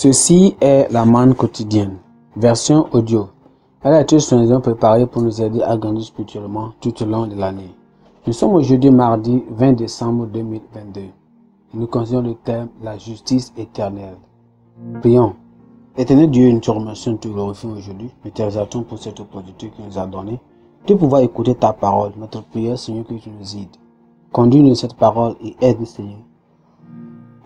Ceci est la manne quotidienne, version audio. Elle a été soigneusement préparée pour nous aider à grandir spirituellement tout au long de l'année. Nous sommes aujourd'hui mardi 20 décembre 2022. Nous considérons le thème La justice éternelle. Prions. Éternel Dieu, nous te remercions, de te aujourd'hui. Nous te remercions pour cette opportunité que nous a donnée de pouvoir écouter ta parole. Notre prière, Seigneur, que tu nous aides. Conduis-nous cette parole et aide-nous, Seigneur,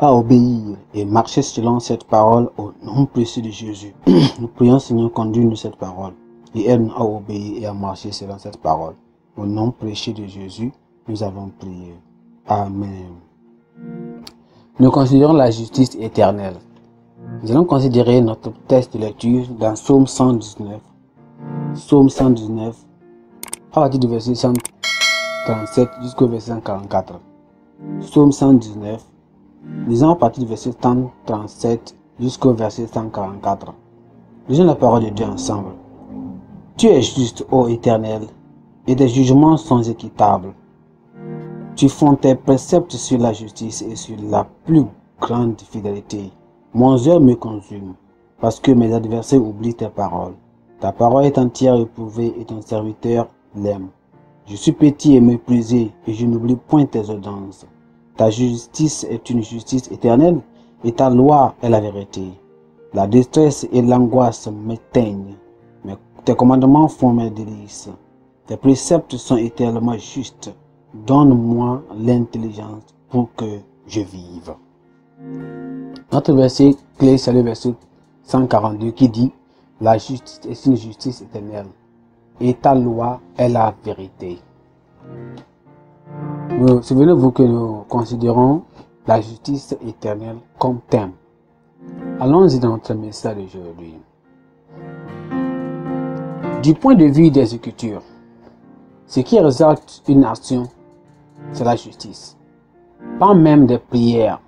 à obéir et marcher selon cette parole au nom précieux de Jésus. Nous prions Seigneur, conduis-nous cette parole et aide-nous à obéir et à marcher selon cette parole. Au nom précieux de Jésus, nous avons prié. Amen. Nous considérons la justice éternelle. Nous allons considérer notre test de lecture dans Psaume 119. Psaume 119, à partir du verset 137 jusqu'au verset 144. Psaume 119, Lisons à partir du verset 137 jusqu'au verset 144. Lisons la parole de Dieu ensemble. Tu es juste, ô Éternel, et tes jugements sont équitables. Tu fonds tes préceptes sur la justice et sur la plus grande fidélité. Mon œil me consume, parce que mes adversaires oublient tes paroles. Ta parole est entière éprouvée et ton serviteur l'aime. Je suis petit et méprisé, et je n'oublie point tes audiences. Ta justice est une justice éternelle et ta loi est la vérité. La détresse et l'angoisse m'éteignent, mais tes commandements font mes délices. Tes préceptes sont éternellement justes. Donne-moi l'intelligence pour que je vive. Notre verset clé, c'est le verset 142 qui dit La justice est une justice éternelle et ta loi est la vérité. Euh, souvenez-vous que nous considérons la justice éternelle comme thème. Allons-y dans notre message d'aujourd'hui. Du point de vue des Écritures, ce qui résulte une action, c'est la justice. Pas même des prières,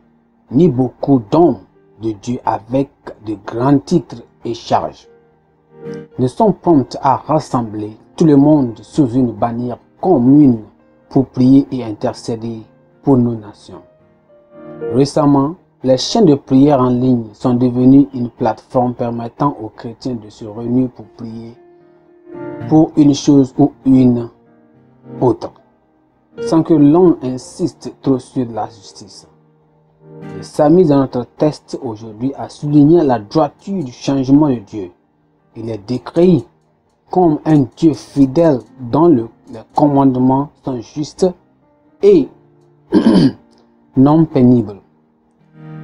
ni beaucoup d'hommes de Dieu avec de grands titres et charges ne sont promptes à rassembler tout le monde sous une bannière commune pour prier et intercéder pour nos nations. Récemment, les chaînes de prière en ligne sont devenues une plateforme permettant aux chrétiens de se réunir pour prier pour une chose ou une autre, sans que l'on insiste trop sur la justice. Sa mise dans notre test aujourd'hui a souligné la droiture du changement de Dieu. Il est décrit comme un Dieu fidèle dont le, les commandements sont justes et non pénibles.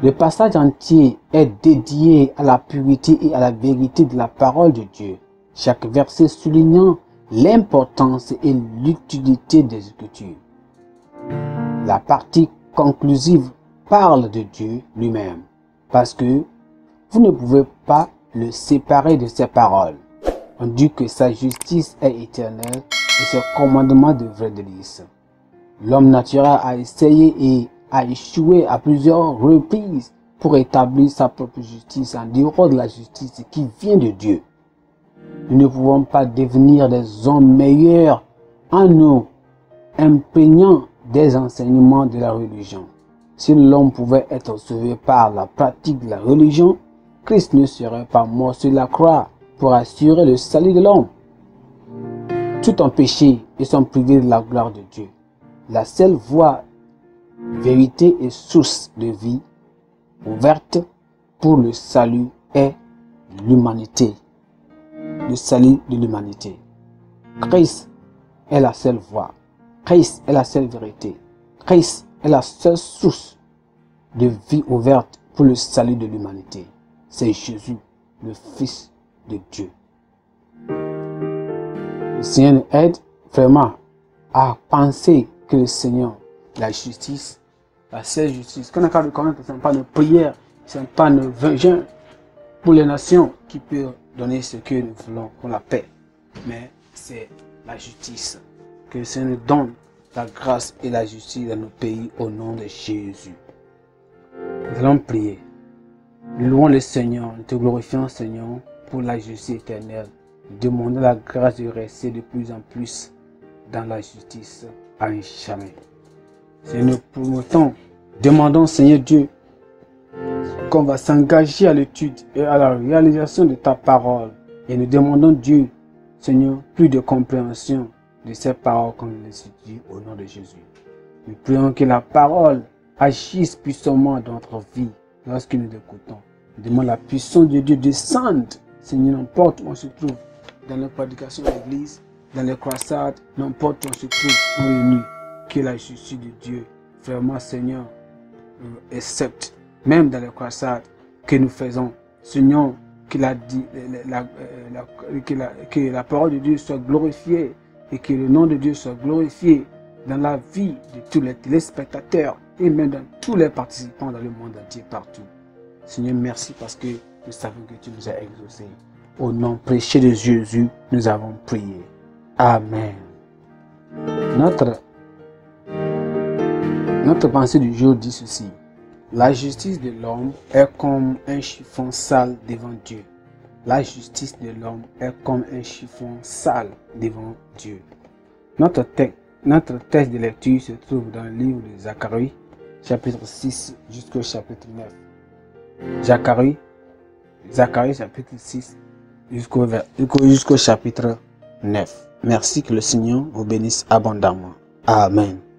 Le passage entier est dédié à la purité et à la vérité de la parole de Dieu, chaque verset soulignant l'importance et l'utilité des Écritures. La partie conclusive parle de Dieu lui-même, parce que vous ne pouvez pas le séparer de ses paroles. On dit que sa justice est éternelle et ses commandements devraient vraie délice. L'homme naturel a essayé et a échoué à plusieurs reprises pour établir sa propre justice en dehors de la justice qui vient de Dieu. Nous ne pouvons pas devenir des hommes meilleurs en nous imprégnant des enseignements de la religion. Si l'homme pouvait être sauvé par la pratique de la religion, Christ ne serait pas mort sur la croix pour assurer le salut de l'homme. Tout en péché et sont privés de la gloire de Dieu. La seule voie, vérité et source de vie ouverte pour le salut est l'humanité. Le salut de l'humanité. Christ est la seule voie. Christ est la seule vérité. Christ est la seule source de vie ouverte pour le salut de l'humanité. C'est Jésus, le Fils Dieu. Le Seigneur aide vraiment à penser que le Seigneur, la justice, la seule justice, qu'on a quand même, ce n'est pas nos prières, ce n'est pas nos vengeance pour les nations qui peuvent donner ce que nous voulons, pour la paix, mais c'est la justice. Que le Seigneur nous donne la grâce et la justice dans nos pays au nom de Jésus. Nous allons prier. Nous louons le Seigneur, nous te glorifions Seigneur pour la justice éternelle. Demandez la grâce de rester de plus en plus dans la justice à jamais. Seigneur, pour promettons, demandons Seigneur Dieu qu'on va s'engager à l'étude et à la réalisation de ta parole. Et nous demandons Dieu, Seigneur, plus de compréhension de ces paroles qu'on les dit au nom de Jésus. Nous prions que la parole agisse puissamment dans notre vie lorsque nous l'écoutons. Demandons la puissance de Dieu descende Seigneur, n'importe où on se trouve, dans les prédications de l'Église, dans les croisades, n'importe où on se trouve, on qui que la justice de Dieu, vraiment, Seigneur, euh, accepte, même dans les croisades que nous faisons. Seigneur, euh, que la, que la parole de Dieu soit glorifiée et que le nom de Dieu soit glorifié dans la vie de tous les téléspectateurs et même dans tous les participants dans le monde entier partout. Seigneur, merci parce que nous savons que tu nous as exaucés. Au nom prêché de Jésus, nous avons prié. Amen. Notre, notre pensée du jour dit ceci. La justice de l'homme est comme un chiffon sale devant Dieu. La justice de l'homme est comme un chiffon sale devant Dieu. Notre, texte, notre texte de lecture se trouve dans le livre de Zacharie, chapitre 6 jusqu'au chapitre 9. Zacharie, Zacharie chapitre 6 jusqu'au chapitre 9. Merci que le Seigneur vous bénisse abondamment. Amen.